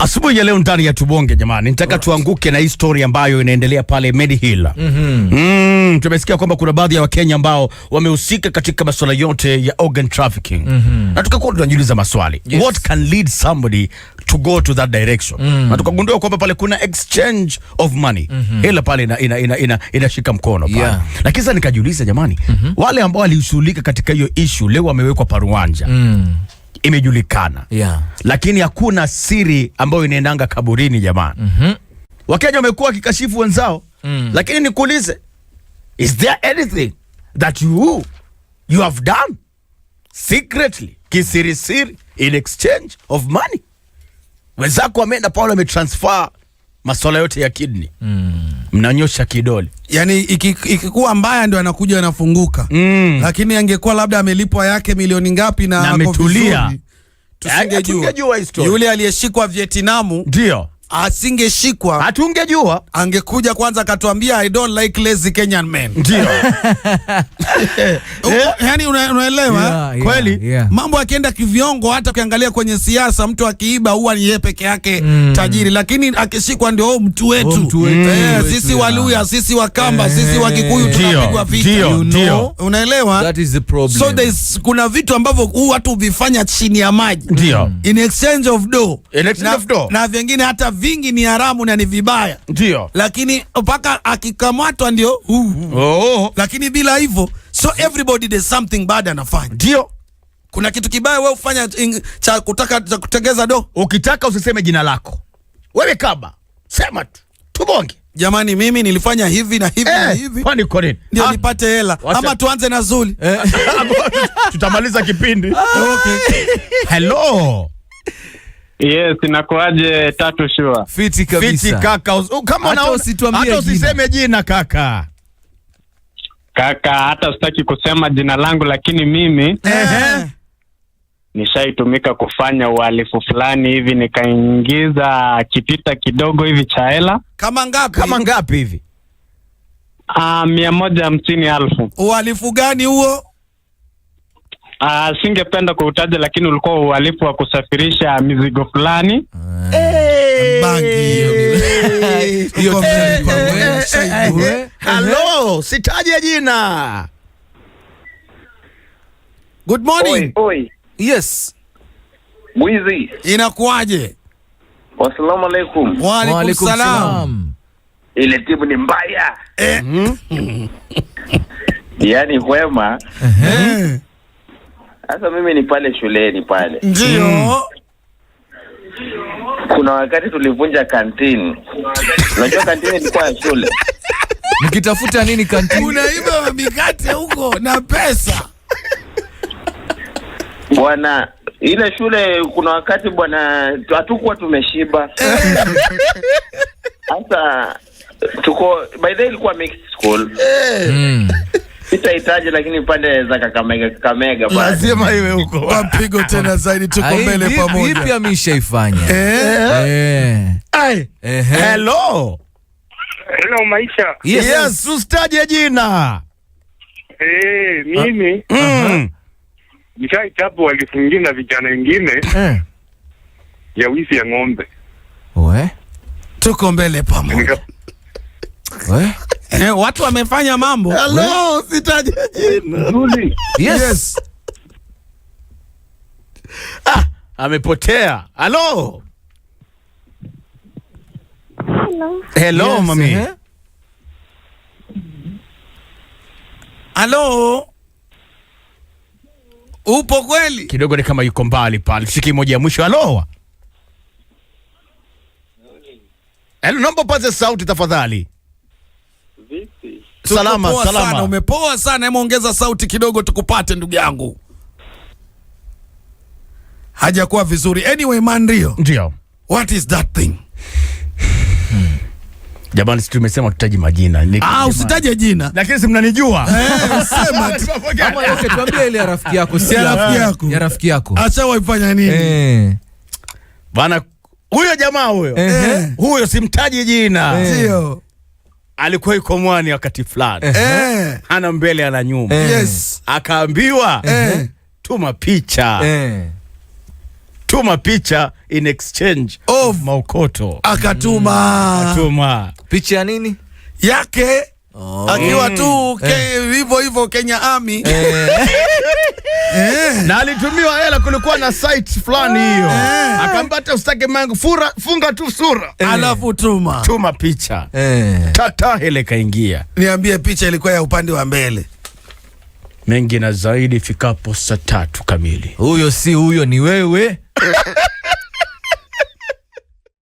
Asubuhi ya leo ndani ya Tubonge jamani, nitaka right, tuanguke na hii story ambayo inaendelea pale Medihill. mm -hmm. Mm, tumesikia kwamba kuna baadhi ya Wakenya ambao wamehusika katika masuala yote ya organ trafficking mm -hmm. na tukakuwa tunajiuliza maswali yes. What can lead somebody to go to that direction mm -hmm. na tukagundua kwamba pale kuna exchange of money mm -hmm. hela pale inashika ina, ina, ina, ina, mkono pale yeah. na kisa nikajiuliza jamani mm -hmm. wale ambao walishughulika katika hiyo issue leo wamewekwa paruanja mm -hmm imejulikana yeah. Lakini hakuna siri ambayo inaendanga kaburini jamani. mm -hmm. Wakenya wamekuwa wakikashifu wenzao mm. Lakini nikuulize, is there anything that you you have done secretly, kisirisiri, in exchange of money? Wenzako wameenda Paulo ametransfer maswala yote ya kidni mm. mnanyosha kidole, yani ikikuwa mbaya ndio anakuja anafunguka mm. Lakini angekuwa labda amelipwa yake milioni ngapi na ametulia, tusingejua yule aliyeshikwa Vietnamu ndio asingeshikwa hatungejua, angekuja kwanza akatuambia I don't like lazy Kenyan men. Ndio eh? yani, unaelewa yeah, kweli yeah. Mambo akienda kiviongo, hata ukiangalia kwenye siasa mtu akiiba huwa ni yeye peke yake mm. tajiri, lakini akishikwa ndio oh, mtu wetu, oh, Mm. Eh, sisi yeah. Waluya, sisi Wakamba eh, sisi Wakikuyu tunapigwa vita you know? Unaelewa, that is the problem. So there kuna vitu ambavyo huu watu huvifanya chini ya maji in exchange of dough na, na vingine hata vingi ni haramu na ni vibaya, ndio, lakini mpaka akikamatwa ndio uh, Oh. Lakini bila hivyo, so everybody there's something bad anafanya, ndio kuna kitu kibaya wewe ufanya cha kutaka cha kutengeza do. Ukitaka usiseme jina lako wewe, kaba sema tu tubonge Jamani, mimi nilifanya hivi na hivi eh, na hivi kwani kwa nini ndio ah. nipate hela ama tuanze na zuli eh? tutamaliza kipindi ah. okay. Hello. Yes, inakuaje tatu shua? Fiti kabisa. Fiti kaka. Uh, kama hata usituambie jina. Hata usiseme jina kaka. Kaka, hata sitaki kusema jina langu lakini mimi Ehe. Nishaitumika kufanya uhalifu fulani hivi nikaingiza kipita kidogo hivi cha hela. Kama ngapi? Kama ngapi hivi? Ah, mia moja hamsini elfu. Uhalifu gani huo? Uh, singependa kuutaja lakini ulikuwa uhalifu wa kusafirisha mizigo fulani. Halo, sitaje jina. Good morning. Oi, oi. Yes. Mwizi. Inakuwaje? Wassalamu alaikum. Wa alaikum salam. Ile timu ni mbaya. Eh. Yaani wema. Eh. Sasa mimi ni pale shuleni pale, ndio mm. Kuna wakati tulivunja kantini. Unajua kantini ilikuwa ya shule, mkitafuta nini kantini? Unaiba mikate huko na pesa bwana ile shule kuna wakati bwana, hatukuwa tumeshiba sasa. Tuko by the way ilikuwa mixed school mm sitahitaji lakini pande za Kakamega, Kakamega lazima iwe huko. mpigo tena zaidi, tuko mbele pamoja. Ipi ameshaifanya? Eh? Eh. Hello, hello Maisha. Yes, yes usitaje jina. Eh, hey, mimi Uh ah, -huh. Mm. nishaichapo walifungia na vijana wengine Eh. ya wizi ya ng'ombe. We. Tuko mbele pamoja. We. Eh, watu wamefanya mambo. Hello, sitaje jina. Yes. Yes. Ah, amepotea. Hello. Hello. Hello, yes, mami. Eh? Hello. Upo kweli? Kidogo ni kama yuko mbali pale. shiki moja ya mwisho. Hello. Hello, naomba upaze sauti tafadhali. Salama, salama. Sana, umepoa sana. Hebu ongeza sauti kidogo tukupate ndugu yangu. Hajakuwa vizuri. Anyway, man Rio. Ndio. What is that thing? Hmm. Jamani, si tumesema tutaji majina. Ah, usitaje jina. Lakini si mnanijua. Eh, sema tu. Kama yote tuambie ile rafiki yako, si ya rafiki yako. Ya rafiki yako. Acha waifanya nini? Eh. Bana huyo jamaa huyo. Eh. Huyo simtaji jina. Ndio alikuwa iko mwani wakati fulani eh. ana mbele ana nyuma yes. akaambiwa eh. tuma picha eh. tuma picha in exchange of maukoto akatuma Akatuma. picha ya nini yake oh. akiwa tu mm. hivyo hivo hivyo Kenya Army eh. Eh. na alitumiwa hela, kulikuwa na site fulani hiyo eh, akampata ustake mangu fura, funga tu sura eh, alafu tuma tuma picha eh, tata hele kaingia. Niambie, picha ilikuwa ya upande wa mbele mengi na zaidi. Fikapo saa tatu kamili, huyo si huyo, ni wewe